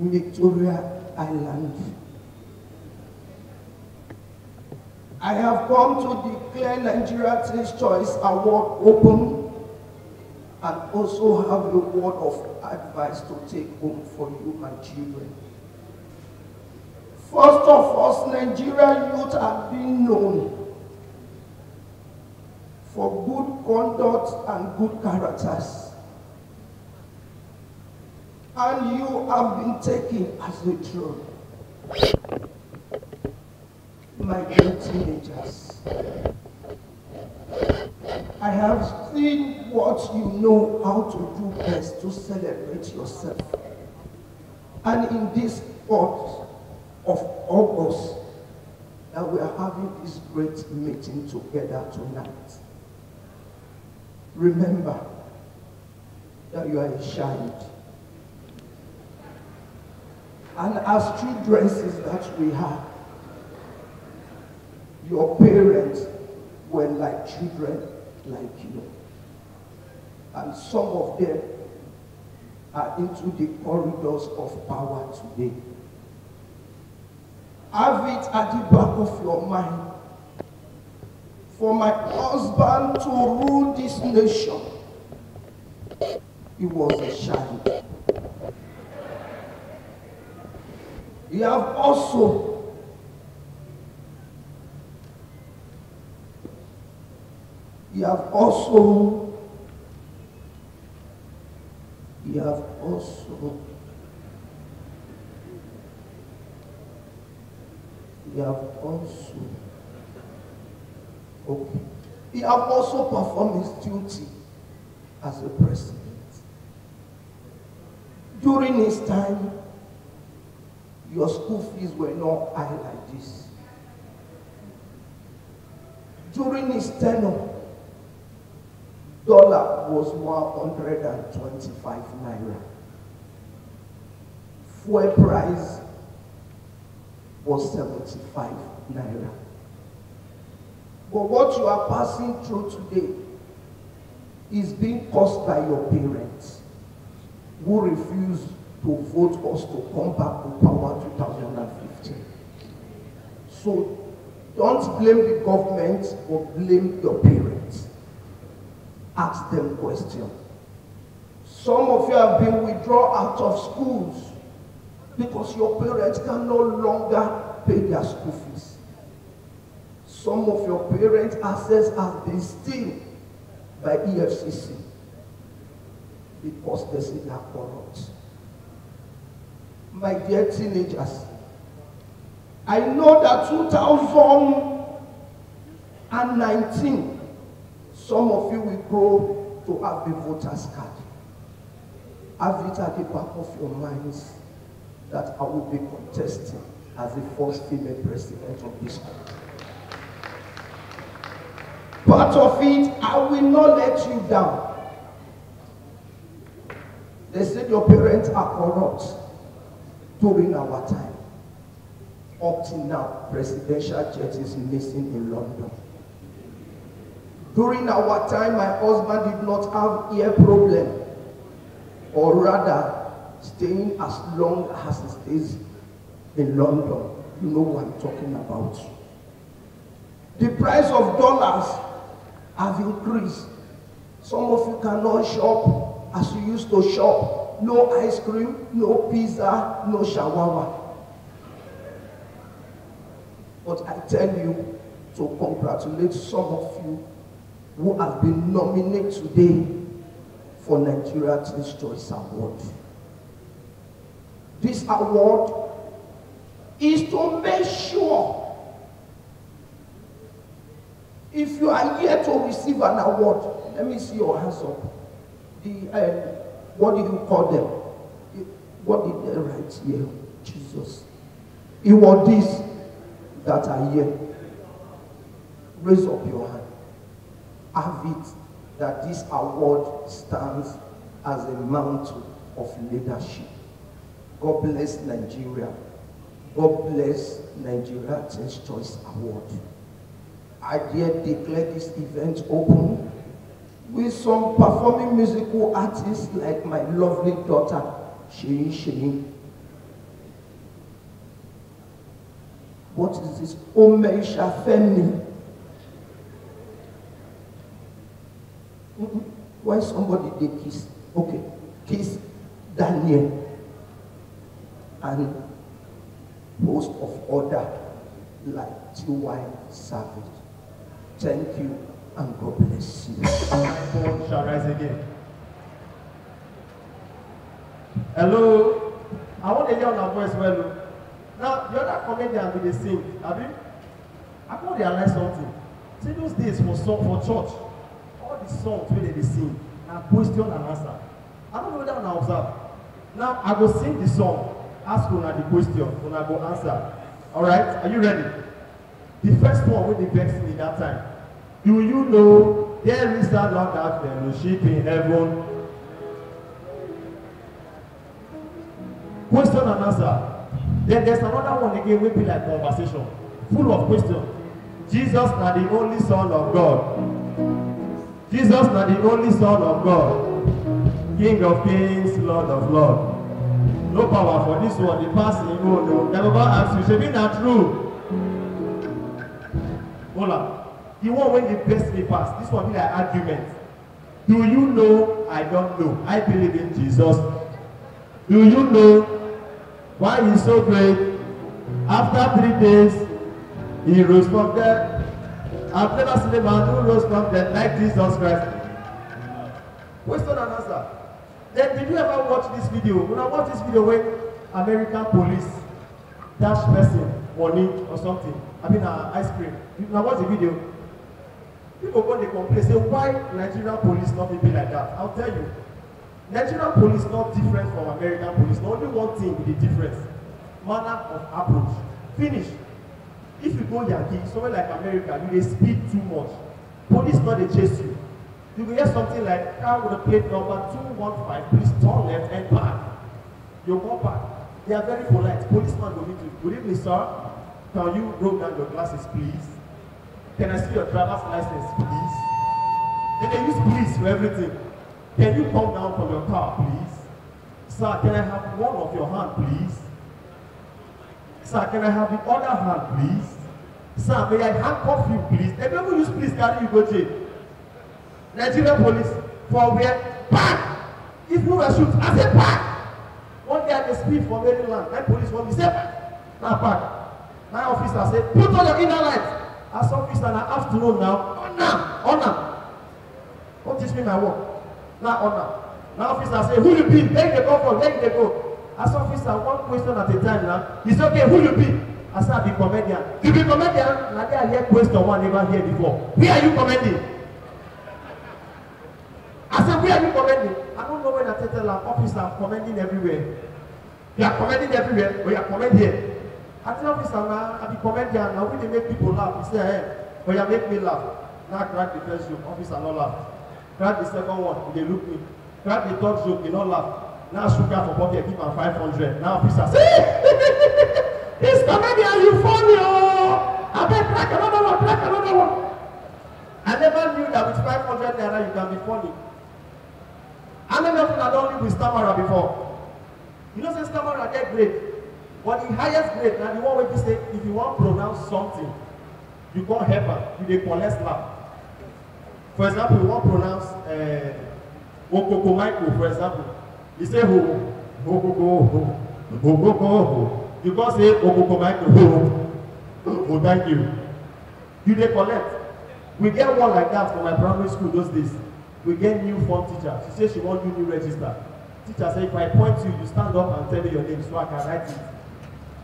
Victoria Island. I have come to declare Nigeria's Taste Choice Award open and also have a word of advice to take home for you, my children. First of all, Nigerian youth have been known for good conduct and good characters. and you have been taken as the throne. My dear teenagers, I have seen what you know how to do best to celebrate yourself. And in this 4th of August, that we are having this great meeting together tonight. Remember that you are a child And as childrenses that we have, your parents were like children like you. And some of them are into the corridors of power today. Have it at the back of your mind for my husband to rule this nation. He was a child. you have also you have also you have also you have also okay He have also performed his duty as a president during his time Your school fees were not high like this. During his tenure, dollar was 125 naira. Fuel price was 75 naira. But what you are passing through today is being caused by your parents who refuse to vote us to come back to power 2015. So don't blame the government or blame your parents. Ask them questions. Some of you have been withdrawn out of schools because your parents can no longer pay their school fees. Some of your parents' assets have been stolen by EFCC because they say they are corrupt. my dear teenagers, I know that 2019, some of you will go to have a voter's card. Have it at the back of your minds that I will be contesting as the first female president of this country. Part of it, I will not let you down. They said your parents are corrupt during our time. Up to now, presidential jet is missing in London. During our time, my husband did not have ear problem, or rather, staying as long as he stays in London. You know what I'm talking about. The price of dollars have increased. Some of you cannot shop as you used to shop no ice cream, no pizza, no shawarma. But I tell you to congratulate some of you who have been nominated today for Nigeria's Choice Award. This award is to make sure if you are here to receive an award, let me see your hands up. The, uh, What did you call them? What did they write here? Jesus. It was this that are here. Raise up your hand. Have it that this award stands as a mantle of leadership. God bless Nigeria. God bless Nigeria Church Choice Award. I dare declare this event open with some performing musical artists like my lovely daughter, Shiri Shiri. What is this? Omeisha Femi. Why somebody did kiss? Okay, kiss Daniel and most of order like T.Y. Savage. Thank you. and God bless you. My God shall rise again. Hello. I want to hear una voice well. Now, the other comedian we dey sing, abi? I come realize something. See those days for song for church, all the songs wey dem dey sing Now question and answer. I don't know whether una observe. Now, I will sing the song, ask una the question, I go answer. Alright, are you ready? The first one will be vex me that time Do you know there is that lack of fellowship in heaven? Question and answer. Then there's another one again wey be like conversation full of questions. Jesus na the only son of God. Jesus na the only son of God. King of kings, Lord of lords. No power for this one, the past him own Never ask you, shebi na true? Hola the one wey dey best me pass this one be like argument do you know i don know i believe in jesus do you know why he so great after three days he rose from dead. i've never seen a man who rose from dead like jesus christ question and answer then did you ever watch this video una watch this video wey american police dash person money or something i mean na uh, ice cream una watch the video People go dey complain say why Nigerian police no fit be like that? I'll tell you. Nigerian police not different from American police. Not only one thing be the difference. Manner of approach. Finish. If you go Yankee, somewhere like America, you dey speed too much. Police no dey chase you. You go hear something like car with a plate number two one five. please turn left and park. You go back. They are very polite. Police Policeman go meet you. Good evening, sir. Can you roll down your glasses, please? Can I see your driver's license, please? Then they use police for everything. Can you come down from your car, please? Sir, can I have one of your hand, please? Sir, can I have the other hand, please? Sir, may I handcuff you, please? They never use police carry you go jail. Nigeria police, for where? Bang! If you were shoot, I say bang! One day they speed from Maryland, my police want be say bang! Now bang! My officer said, put on your inner light! as officer na afternoon now honor honor don teach me my work na honor na officer say who you be where you dey come from where dey go as officer one question at a time na he say okay who you be i say i be comedian you be comedian na there i hear question one never hear before where are you comedy i say where are you comedy i no know when i take tell am officer i'm everywhere you are commending everywhere or oh, you are commending here I acting officer na i be comedian na we dey make people laugh you say hey oya oh make me laugh Now, crack the first joke officer no laugh crack the second one they look me crack the third joke they no laugh now sugar for pocket give am five hundred now officer see this comedian you funny I oh. abeg crack another one crack another one i never knew that with five hundred naira you can be funny i never know if una don live with stamara before you know say stamara get great. But the highest grade now the one wey be say if you wan pronounce something you come help am you they collect slap. For example you wan pronounce uh, Okoko Michael for example you say ho Okoko ho Okoko ho you come say Okoko Michael ho oh thank you you dey collect. We get one like that for my primary school those days we get new form teacher she say she wan do new register teacher say if i point you you stand up and tell me your name so i can write it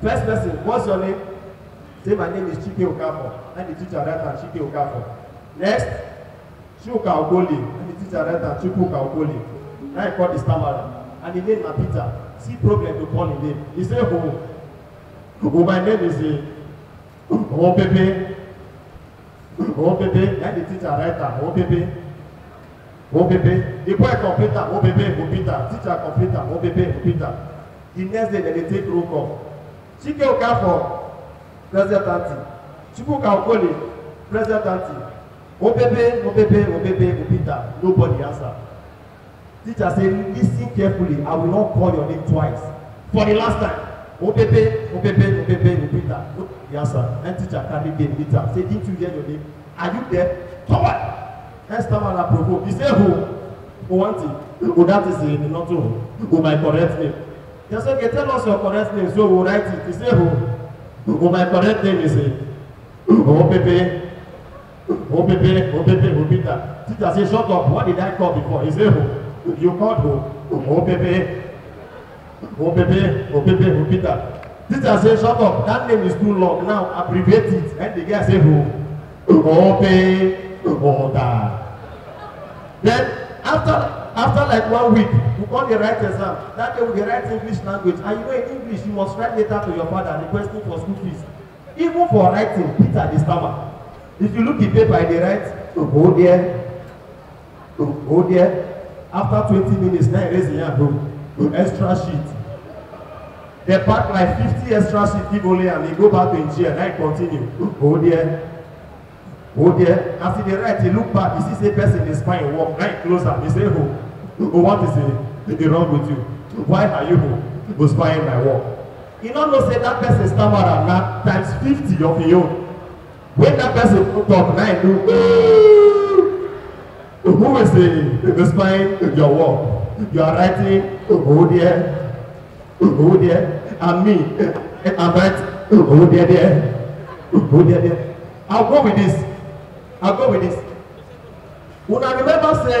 First person, what's your name? Say, my name is Chike Okafor. And the teacher that time, Chike Okafor. Next, Chuka Ogoli. And the teacher that time, Chukwuka Ogoli. Now he called the stammerer. And the name is Peter. See problem to call the name. He say, oh, oh, oh my name is uh, oh, Pepe. Oh, And oh, the teacher right time, Opepe. Pepe. Oh, Pepe. The boy computer, oh, Pepe, Peter. Teacher computer, oh, Pepe, Peter. The next day, they take roll call. Chike Okafor, president party. Chukwuka Okole, president party. Obebe, Obebe, Obebe, Obita, nobody answer. Teacher say, listen carefully, I will not call your name twice. For the last time, Obebe, Obebe, Obebe, Obita, nobody answer. And teacher can again, Obita, say, didn't you hear your name? Are you there? Come on! Next time I provoke, he say, who? Who want it? Who that is the not who? Who might correct me? They say, okay, tell us your correct name, so we'll write it. He said, oh, oh my correct name is Opepe. Oh, Opepe, oh, Opepe, oh, Obita. Teacher said, shut up, what did I call before? He said, oh, you called who? Opepe. Opepe, Opepe, Obita. Teacher said, shut up, that name is too long, now abbreviate it. And the guy said, oh, Ope, Oda. Then, after After like one week, we call the write exam. That day we dey write English language. And you know in English, you must write letter to your father requesting for school fees. Even for writing, Peter dey stammer. If you look the paper, I dey write to oh, go there, to oh, go there. After twenty minutes, then I raise the hand to, oh, to extra sheet. They pack like fifty extra sheet, give only am. He go back to him chair, Then he continue. To go there, go there. As he dey write, he look back, he see say person dey spine work. Now he close am, he say, oh what is the wrong with you why are you go spying my work e no know say that person stammerer na times fifty of im own when that person talk na im do ooo who wey say go spying your work you are writing ogo there ogo there and me i'm writing ogo there there ogo there there i go with this i go with this una remember say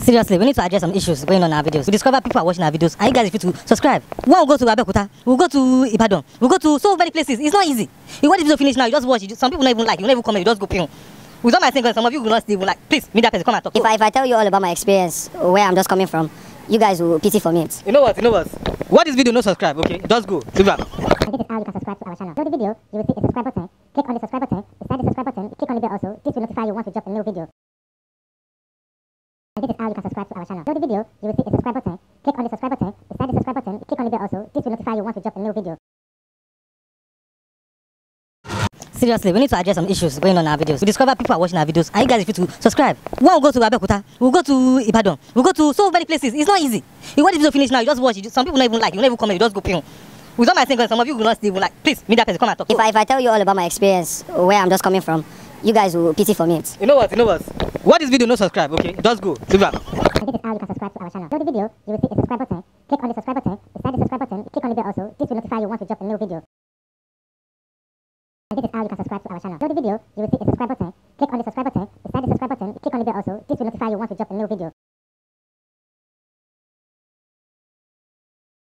Seriously, we need to address some issues going on our videos. We discover people are watching our videos. Are you guys free to subscribe? One will go to Abeokuta, we'll go to Ibadan, we'll go to so many places. It's not easy. You want the video finish now, you just watch it. Some people don't even like, you don't even comment, you just go ping. With all my singles, some of you will not even like, please, meet that person, come and talk. If I, if I tell you all about my experience, where I'm just coming from, you guys will pity for me. You know what, you know what? this video, no subscribe, okay? Just go, leave that. And this is how you can subscribe to our channel. Below the video, you will see a subscribe button. Click on the subscribe button. Beside the subscribe button, click on the bell also. This will notify you once we drop a new video. And this is how you can subscribe to our channel. Below the video, you will see a subscribe button. Click on the subscribe button. Beside the subscribe button, click on the bell also. This will notify you once we drop a new video. Seriously, we need to address some issues going on our videos. We discover people are watching our videos. And you guys, if you to subscribe, one will go to Abeokuta, we'll go to Ibadan, we'll go to so many places. It's not easy. You want the video finished now, you just watch it. Some people not even like, you not even comment, you just go ping. With all my things, some of you will not stay. Will like, please, meet that person, come and talk. If I, if I tell you all about my experience, where I'm just coming from, you guys will pity for me. You know what? You know what? What is video no subscribe? Okay, just go. Subscribe. And this is how you can subscribe to our channel. Below the video, you will see a subscribe button. Click on the subscribe button. Beside the subscribe button, click on the bell also. This will notify you once we drop a new video. And this is how you can subscribe to our channel. Below the video, you will see a subscribe button. Click on the subscribe button. Beside the subscribe button, click on the bell also. This will notify you once we drop a new video.